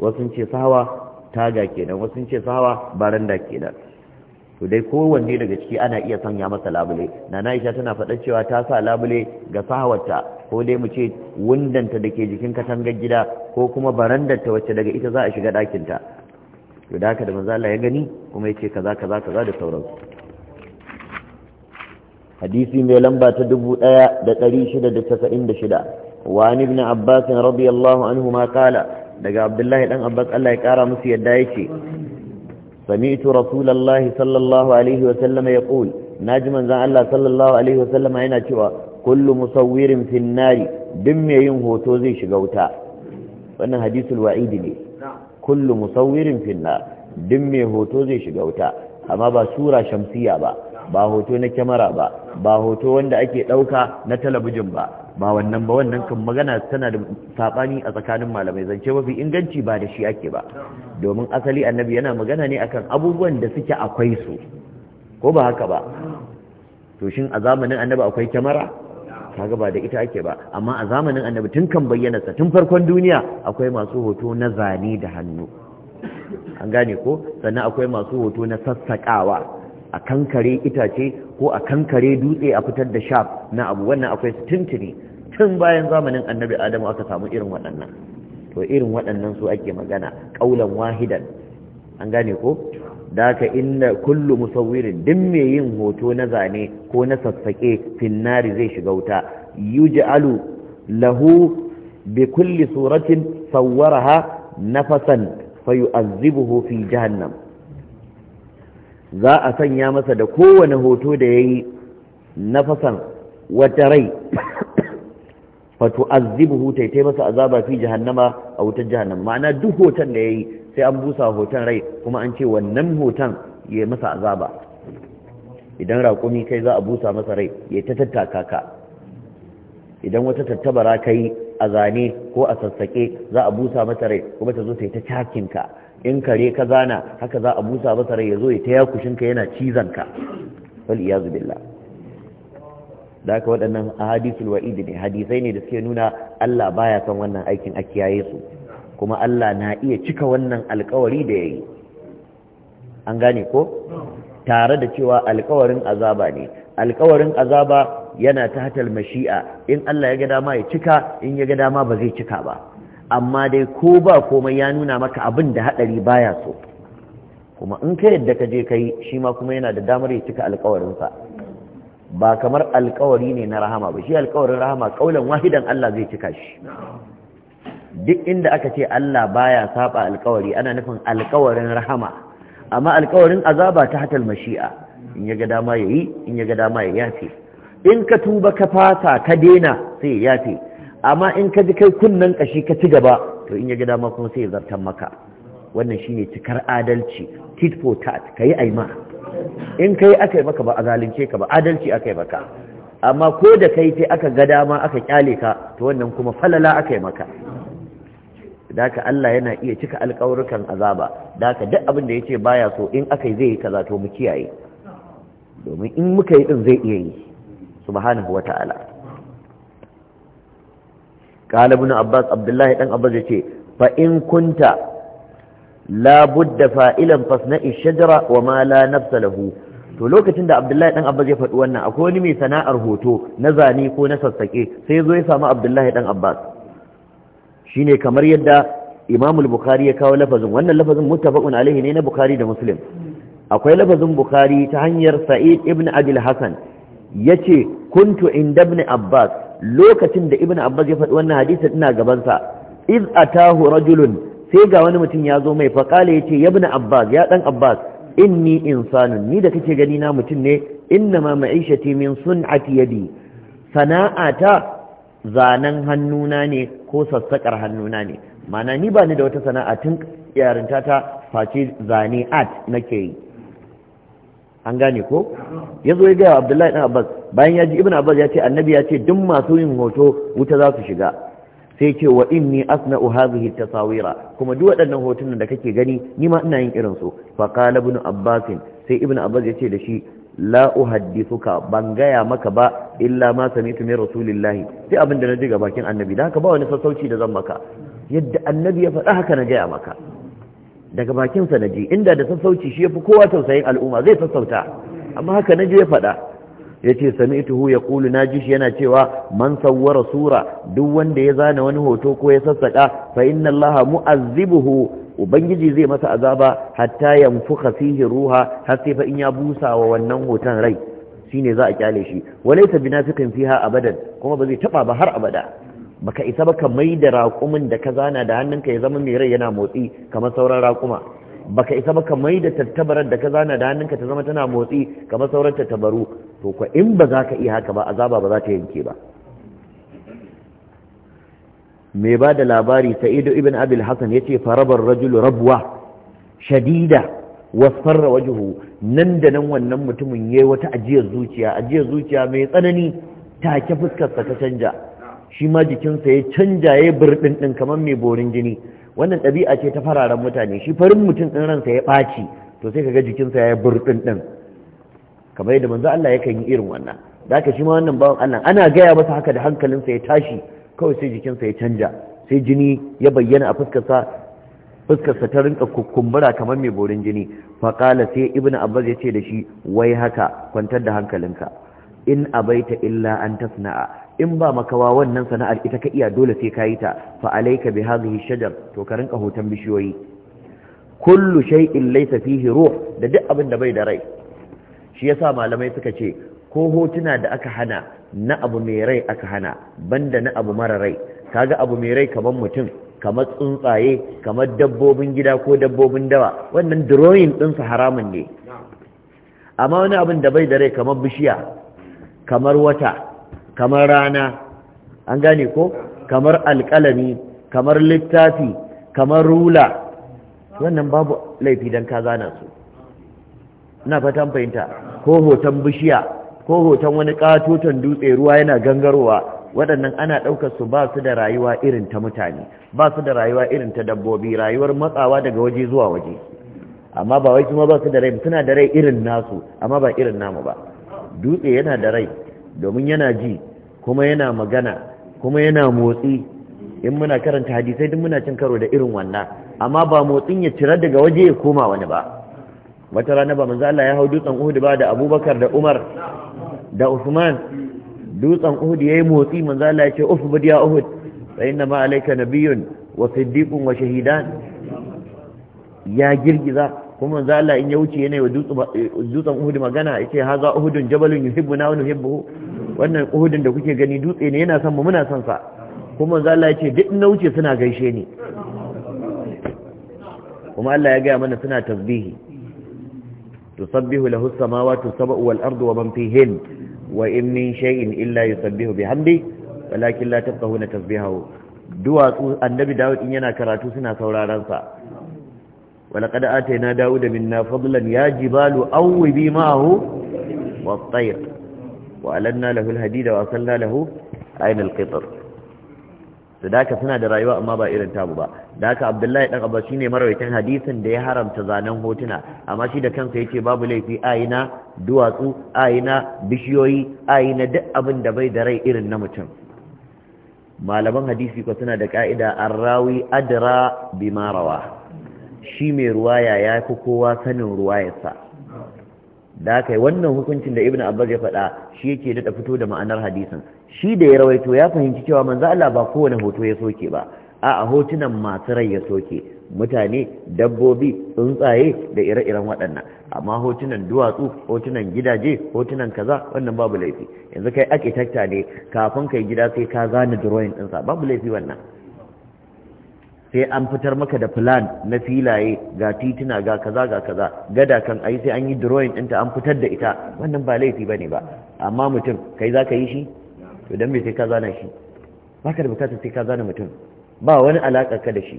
Speaker 1: wasu ce sahawa taga kenan wasu ce sahawa baranda kenan to dai kowanne daga ciki ana iya sanya masa labule nana Aisha tana faɗa cewa ta sa labule ga sahawarta ko dai mu ce wundanta da jikin katangar gida ko kuma barandarta wacce daga ita za a shiga ɗakinta to da haka da manzo Allah ya gani kuma ya kaza kaza kaza da sauransu hadisi mai lamba ta 1696 wa ibn Abbas radiyallahu anhu ma kala daga Abdullahi dan Abbas Allah ya kara musu yadda yake سمعت رسول الله صلى الله عليه وسلم يقول ناجما زان الله صلى الله عليه وسلم اين اتوا كل مصور في النار دم يين هوتو زي شيغا وتا wannan hadisul wa'idi ne kullu musawwirin finna duk mai hoto zai shiga wuta amma ba sura shamsiya ba ba hoto na kyamara ba ba hoto wanda ake ɗauka na talabijin ba ba wannan ba wannan kan magana tana da sabani a tsakanin malamai zance mafi inganci ba da shi ake ba domin asali annabi yana magana ne akan abubuwan da suke akwai su ko ba haka ba to shin a zamanin annabi akwai kyamara kaga ba da ita ake ba amma a zamanin annabi tun kan bayyana sa tun farkon duniya akwai masu hoto na zane da hannu an gane ko sannan akwai masu hoto na sassakawa a kankare itace ko a kankare dutse a fitar da shaf na abu wannan akwai tuntuni tun bayan zamanin annabi adamu aka samu irin waɗannan to irin waɗannan su ake magana ƙaulan wahidan an gane ko da ka inna kullum musawwirin din mai yin hoto na zane ko na sassaƙe finnari zai shiga wuta alu, lahu bi kulli suratin sawwaraha nafasan fayu'azzibuhu fi jahannam za a sanya masa da kowane hoto da ya yi na fasan wata rai fatu azibuhu taitai masa azaba fi jihannama a wutar jihannama ma'ana duk hoton da ya yi sai an busa hoton rai kuma an ce wannan hoton ya masa azaba idan raƙumi kai za a busa masa rai ya ta tattaka ka idan wata tattabara kai a zane ko a sassaƙe za a busa masa rai kuma ta zo ta yi ta takin-ka. in kare ka zana haka za a busa masa rai ya zo ya ta yakushin ka yana cizon ka wal iyazu billah da ka waɗannan ahadisul wa'id ne hadisai ne da suke nuna Allah baya son wannan aikin a kiyaye su kuma Allah na iya cika wannan alkawari da yayi an gane ko tare da cewa alkawarin azaba ne alkawarin azaba yana ta hatal mashi'a in Allah ya ga dama ya cika in ya ga dama ba zai cika ba amma dai ko ba komai ya nuna maka abin da haɗari baya so kuma in ka yadda ka je ka yi shi ma kuma yana da damar ya cika alkawarinsa ba kamar alkawari ne na rahama ba shi alkawarin rahama kaulan wahidan Allah zai cika shi duk inda aka ce Allah baya saba alkawari ana nufin alkawarin rahama amma alkawarin azaba ta hatal mashi'a in ya ga dama yayi in ya ga dama ya yafe in ka tuba ka fasa ka daina sai ya yafe amma in ka ji kai kunnen kashi ka ci gaba to in ya ga dama kuma sai ya zartan maka wannan shine cikar adalci tit for tat kai aima in kai aka yi maka ba a zalunce ka ba adalci aka yi maka amma ko da kai sai aka ga dama aka kyale ka to wannan kuma falala aka yi maka daka Allah yana iya cika alƙawurkan azaba daka duk abin da ce baya so in aka yi zai yi kaza to mu kiyaye domin in muka yi din zai iya yi subhanahu wataala qala abbas abdullahi dan abbas yace fa in kunta labudda budda fa'ilan fasna'i shajara wa ma la nafsa lahu to lokacin da abdullahi dan abbas ya faɗi wannan akwai wani mai sana'ar hoto na zane ko na sassaƙe sai zo ya samu abdullahi dan abbas shine kamar yadda imamul bukari ya kawo lafazin wannan lafazin mutafakun alaihi ne na bukari da muslim akwai lafazin bukari ta hanyar sa'id ibn abil hasan ce kuntu inda ibn abbas lokacin da ibn abbas ya faɗi wannan hadisi ina gabansa iz atahu rajulun sai ga wani mutum ya zo mai faƙala ya ce ya ibn abbas ya ɗan abbas inni insanun ni da kake gani na mutum ne inna ma ma'ishati min sun'ati yadi sana'ata zanen hannuna ne ko sassaƙar hannuna ne mana ni ba ni da wata sana'a tun yarinta ta face zane art nake yi an gane ko ya zo ya gaya abdullahi ɗan abbas bayan ya ji ibn abbas ya ce annabi ya ce duk masu yin hoto wuta za su shiga sai ce wa asna u hazihi tasawira kuma duk waɗannan hotunan da kake gani ni ma ina yin irin su fa qala ibn abbas sai ibn abbas ya ce da shi la uhaddithuka ban gaya maka ba illa ma sami'tu min rasulillahi sai abin da na ji ga bakin annabi da haka ba wani sassauci da zan maka yadda annabi ya faɗa haka na gaya maka daga bakinsa na ji inda da sassauci shi ya fi kowa tausayin al'umma zai sassauta amma haka na ji ya faɗa ya ce sami'tuhu ya ƙulu na ji shi yana cewa man sawwara sura duk wanda ya zana wani hoto ko ya sassaƙa fa inna allaha mu'azzibuhu ubangiji zai masa azaba hatta yanfuka fihi ruha har sai fa in ya busa wa wannan hoton rai shine za a kyale shi walaysa binafiqin fiha abadan kuma ba zai taba ba har abada baka isa baka mai da raƙumin da ka zana da hannunka ya zama mai rai yana motsi kamar sauran raƙuma baka isa baka mai da tattabarar da ka zana da hannunka ta zama tana motsi kamar sauran tattabaru to kwa in ba za ka iya haka ba azaba ba za ta yanke ba mai ba da labari sa'idu ibn abil hasan ya ce farabar rajul rabuwa shadida wasfarra wajuhu nan da nan wannan mutumin ya yi wata ajiyar zuciya ajiyar zuciya mai tsanani take fuskarsa ta canja shi ma jikinsa ya canja ya birɗin ɗin kamar mai borin jini wannan ɗabi'a ce ta fararen mutane shi farin mutum ɗin ransa ya ɓaci to sai ga jikinsa ya burɗin ɗin kamar yadda manzo Allah yakan yi irin wannan da haka shi ma wannan bawan Allah ana gaya masa haka da hankalinsa ya tashi kawai sai jikinsa ya canja sai jini ya bayyana a fuskarsa fuskarsa ta rinka kumbura kamar mai borin jini faƙala sai ibnu abbas ya ce da shi wai haka kwantar da hankalinka in abaita illa an tasna'a in ba makawa wannan sana'ar ita ka iya dole sai ka yi ta fa alayka bi hadhihi shajar to ka rinka hoton bishiyoyi kullu shay'in laysa fihi ruh da duk abin da bai da rai shi yasa malamai suka ce ko hotuna da aka hana na abu mai rai aka hana banda na abu mara rai kaga abu mai rai kamar mutum kamar tsuntsaye kamar dabbobin gida ko dabbobin dawa wannan drawing ɗinsa haramun ne amma wani abin da bai da rai kamar bishiya kamar wata kamar rana an gane ko kamar alƙalami kamar littafi kamar rula wannan babu laifi don ka zana su ina fatan fahimta ko hoton bishiya ko hoton wani katoton dutse ruwa yana gangarowa waɗannan ana ɗaukar su ba su da rayuwa irin ta mutane ba su da rayuwa irin ta dabbobi rayuwar matsawa daga waje zuwa waje amma ba wai kuma ba su da rai suna da rai irin nasu amma ba irin namu ba dutse yana da rai domin yana ji kuma yana magana kuma yana motsi in muna karanta hadisai duk muna cin karo da irin wannan amma ba motsin ya cira daga waje ya koma wani ba wata rana ba manzo Allah ya hau dutsen Uhud ba da Abubakar da Umar da Uthman dutsen Uhud yayi motsi manzo Allah ya ce bi ya Uhud fa inna ma alayka nabiyyun wa siddiqun wa shahidan ya girgiza kuma za Allah in ya wuce yana wa dutsen eh, uhudu magana ha haza Uhudun jabalun na wani hibbu wannan Uhudun da kuke gani dutse ne yana son mu muna son sa kuma za Allah ce duk na wuce suna gaishe ni kuma Allah ya gaya mana suna tasbihi tusabbihu lahu samawati sab'u wal ardu wa man fihin wa in min shay'in illa yusabbihu bihamdi walakin la tafqahuna tasbihahu duwatsu annabi Dawud in yana karatu suna sauraron sa ولقد آتينا داود منا فضلا يا جبال أوبي معه والطير وألنا له الهديد وأصلنا له عين القطر فذاك سنة درائيواء ما بائر تابوا ذاك عبد الله يتنقى بشيني مرويتين حديثا دي حرم تزانهم هوتنا أما شيدا كان سيتي باب لي في آينا دواتو آينا بشيوي آينا دأبن دبي درائي إرن نمتن malaman hadisi ko suna da ka'ida arrawi adra bima rawa shi mai ruwaya ya fi kowa sanin ruwayarsa da aka yi wannan hukuncin da ibn abbas ya faɗa shi yake daɗa fito da ma'anar hadisin shi da ya rawaito ya fahimci cewa manzo Allah ba kowane hoto ya soke ba a a hotunan masu rai ya soke mutane dabbobi tsuntsaye da ire-iren waɗannan amma hotunan duwatsu hotunan gidaje hotunan kaza wannan babu laifi yanzu kai ake ne kafin kai gida sai ka gane drawing ɗinsa babu laifi wannan sai an fitar maka da plan na filaye ga tituna ga kaza ga kaza gada kan ai sai an yi drawing ɗinta an fitar da ita wannan ba laifi bane ba amma mutum kai za ka yi shi to dan me sai ka zana shi ba ka da bukatar sai ka zana mutum ba wani alaƙa ka da shi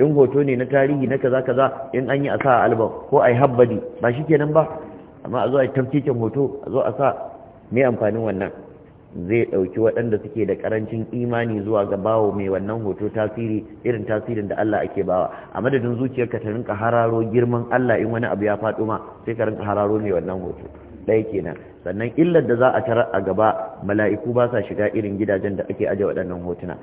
Speaker 1: in hoto ne na tarihi na kaza kaza in an yi a sa album ko a yi habbadi ba shi kenan ba amma a zo a yi tafkikin hoto a zo a sa me amfanin wannan zai ɗauki waɗanda suke da ƙarancin imani zuwa ga bawo mai wannan hoto tasiri irin tasirin da Allah ake bawa a madadin zuciyar ka ta rinka hararo girman Allah in wani abu ya faɗo ma sai ka rinka hararo mai wannan hoto ɗaya kenan sannan illar da za a tarar a gaba mala'iku ba sa shiga irin gidajen da ake aje waɗannan hotuna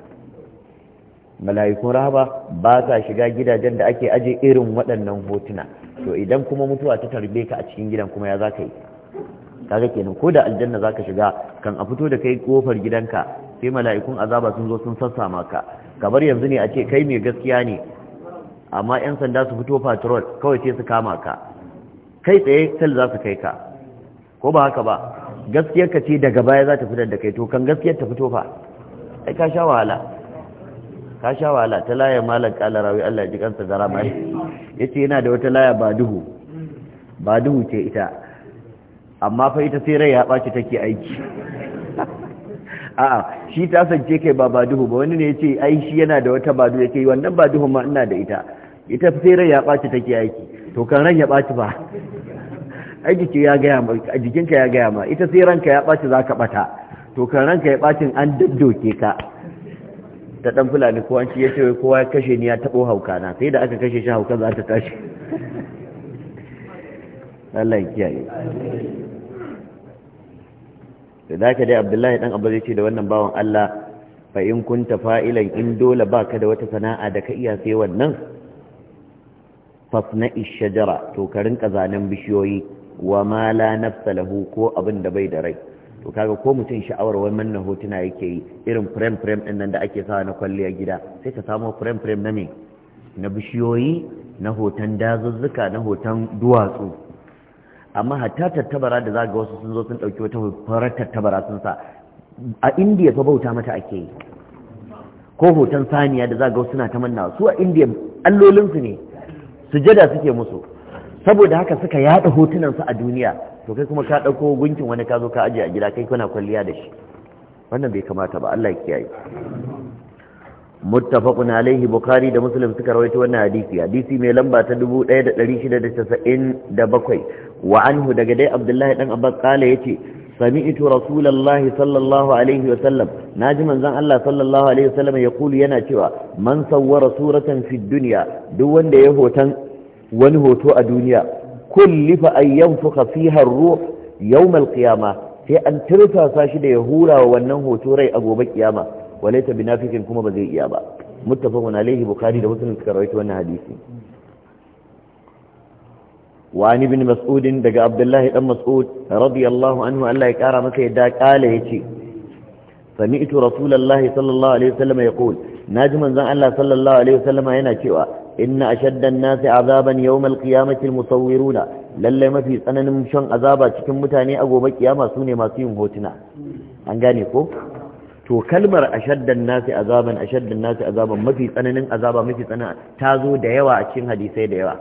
Speaker 1: mala'ikun rahaba ba sa shiga gidajen da ake aje irin waɗannan hotuna to idan kuma mutuwa ta tarbe ka a cikin gidan kuma ya za ka yi kaga kenan ko da aljanna zaka shiga kan a fito da kai kofar gidanka sai mala'ikun azaba sun zo sun sassa maka kamar yanzu ne a ce kai mai gaskiya ne amma yan sanda su fito patrol kawai sai su kama ka kai tsaye sel za su kai ka ko ba haka ba gaskiyar ka ce daga baya za ta fitar da kai to kan gaskiyar ta fito fa ai ka sha wahala ka sha wahala ta laya malam kalarawi Allah ya ji kansa garama yace yana da wata laya ba duhu ba duhu ce ita amma fa ita sai rai ya ɓaci take aiki a'a shi ta sance kai ba baduhu ba wani ne ya ce ai shi yana da wata badu yake yi wannan baduhu ma ina da ita ita sai rai ya ɓaci take aiki to kan ran ya ɓaci ba aiki jiki ya gaya ma a jikinka ya gaya ma ita sai ranka ya ɓaci za ka ɓata to kan ranka ya ɓacin an daddoke ka ta ɗan fulani an ci ya ce kowa ya kashe ni ya taɓo hauka na sai da aka kashe shi hauka za ta tashi Allah ya kiyaye da zaka dai abdullahi dan abba zai ce da wannan bawan Allah fa in kunta fa'ilan in dole baka da wata sana'a da ka iya sai wannan fasna ishajara to ka rinka zanen bishiyoyi wa ma la nafsa lahu ko abin da bai da rai to kaga ko mutum sha'awar manna hotuna yake yi irin frame frame din nan da ake sawa na kwalliya gida sai ka samo frame frame na me na bishiyoyi na hoton dazuzzuka na hoton duwatsu amma hatta tattabara da za ga wasu sun zo sun ɗauki wata farar tattabara sun sa a indiya fa bauta mata ake yi ko hoton saniya da za ga suna ta manna su a indiya allolinsu ne sujada suke musu saboda haka suka yada su a duniya to kai kuma ka ɗauko gunkin wani ka zo ka ajiye a gida kai kuna kwalliya da shi wannan bai kamata ba Allah ya kiyaye muttafaqun alaihi bukhari da muslim suka rawaito wannan hadisi hadisi mai lamba ta 1697 wa anhu daga dai abdullahi dan abbas kala yace sami'tu rasulullahi sallallahu alaihi wa sallam naji manzon Allah sallallahu alaihi wa sallam yaqulu yana cewa man sawwara suratan fid dunya duk wanda ya hoton wani hoto a duniya kullifa an yanfuka fiha ar-ruh yawm al-qiyamah sai an turfasa shi da ya hura wa wannan hoto rai a gobe kiyama walaita binafikin kuma ba zai iya ba muttafaqun alaihi bukhari da muslim suka rawaito wannan hadisi وعن ابن مسعود دقى عبد الله بن مسعود رضي الله عنه ألا يكارى مكة يدى قال يتي سمعت رسول الله صلى الله عليه وسلم يقول ناجما ذا الله صلى الله عليه وسلم هنا كوا إن أشد الناس عذابا يوم القيامة المصورون للي ما في سنن مشان عذابا تكن متاني أبو بكيا ما سوني ما سيهم هوتنا أنقاني كو to kalmar ashaddan nasi azaban ashaddan nasi azaban mafi tsananin azaba mafi tsana ta zo da yawa a cikin hadisai da yawa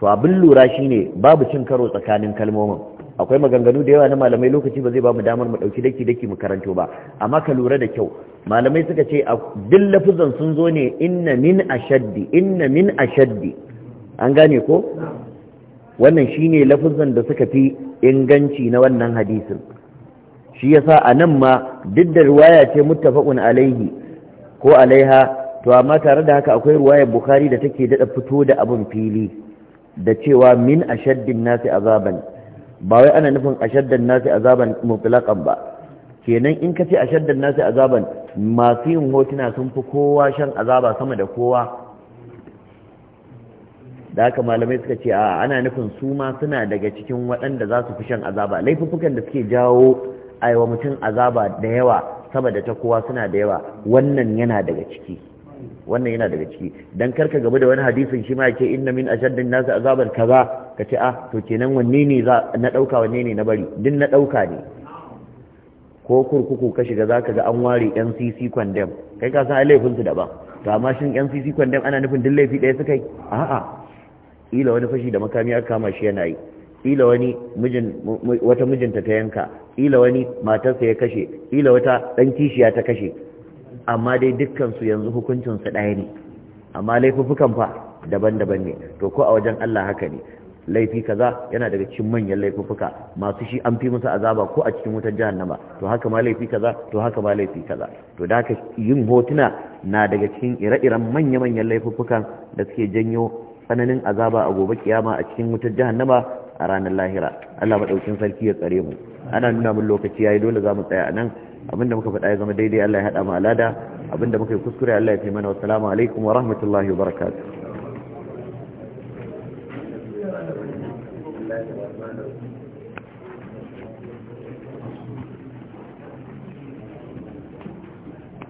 Speaker 1: to abin lura shine babu cin karo tsakanin kalmomin akwai maganganu da yawa na malamai lokaci ba zai ba mu damar mu dauki daki daki mu karanto ba amma ka lura da kyau malamai suka ce a duk lafuzan sun zo ne inna min ashaddi inna min ashaddi an gane ko wannan shine lafuzan da suka fi inganci na wannan hadisin shi yasa a nan ma duk da riwaya ce muttafaqun alaihi ko alaiha to amma tare da haka akwai riwayar bukhari da take daɗa fito da abun fili da cewa min ashaddin nasi azaban ba wai ana nufin ashaddan nasi azaban mutlaqan ba kenan in ka ce ashaddan nasi azaban masu yin hotuna sun fi kowa shan azaba sama da kowa da haka malamai suka ce a ana nufin su ma suna daga cikin waɗanda za su fi shan azaba Laifukan da suke jawo a mutum azaba da yawa sama da ta kowa suna da yawa wannan yana daga ciki wannan yana daga ciki dan karka gaba da wani hadisin shi ma yake inna min ashaddin nasi azabar kaza kace ah to kenan wanne ne za na dauka wanne ne na bari din na dauka ne ko kurkuku ka shiga zaka ga an ware NCC condemn kai ka san laifin su daban to amma shin NCC condemn ana nufin din laifi daya suka yi a'a ila wani fashi da makami aka kama shi yana yi ila wani mijin wata mijinta ta yanka ila wani matarsa ya kashe ila wata dan kishiya ta kashe amma dai dukkansu yanzu hukuncinsu ɗaya ne amma laifukan fa daban-daban ne to ko a wajen Allah haka ne laifi kaza yana daga cikin manyan laifuka masu shi an fi musu azaba ko a cikin wutar jahannama to haka ma laifi kaza to haka ma laifi kaza to da haka yin hotuna na daga cikin ire-iren manya-manyan laifukan da suke janyo tsananin azaba a gobe kiyama a cikin wutar jahannama a ranar lahira Allah madaukin sarki ya tsare mu ana nuna mun lokaci yayi dole za mu tsaya a nan abinda muka faɗa ya zama daidai Allah ya haɗa mu alada abinda muka yi kuskure Allah ya kai mana wassalamu alaikum wa rahmatullahi wa barakatuh